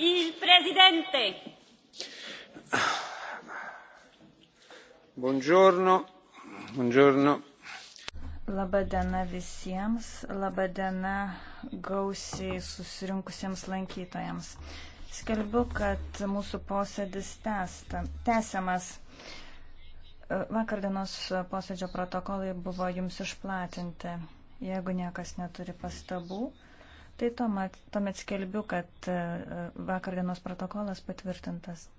Il presidente. Buongiorno. Buongiorno. Labą dieną visiems, labą dieną gausiai susirinkusiems lankytojams. Skelbiu, kad mūsų posėdis tęsiamas. Vakardienos posėdžio protokolai buvo jums išplatinti. Jeigu niekas neturi pastabų, Tai tuomet, tuomet skelbiu, kad e, vakar dienos protokolas patvirtintas.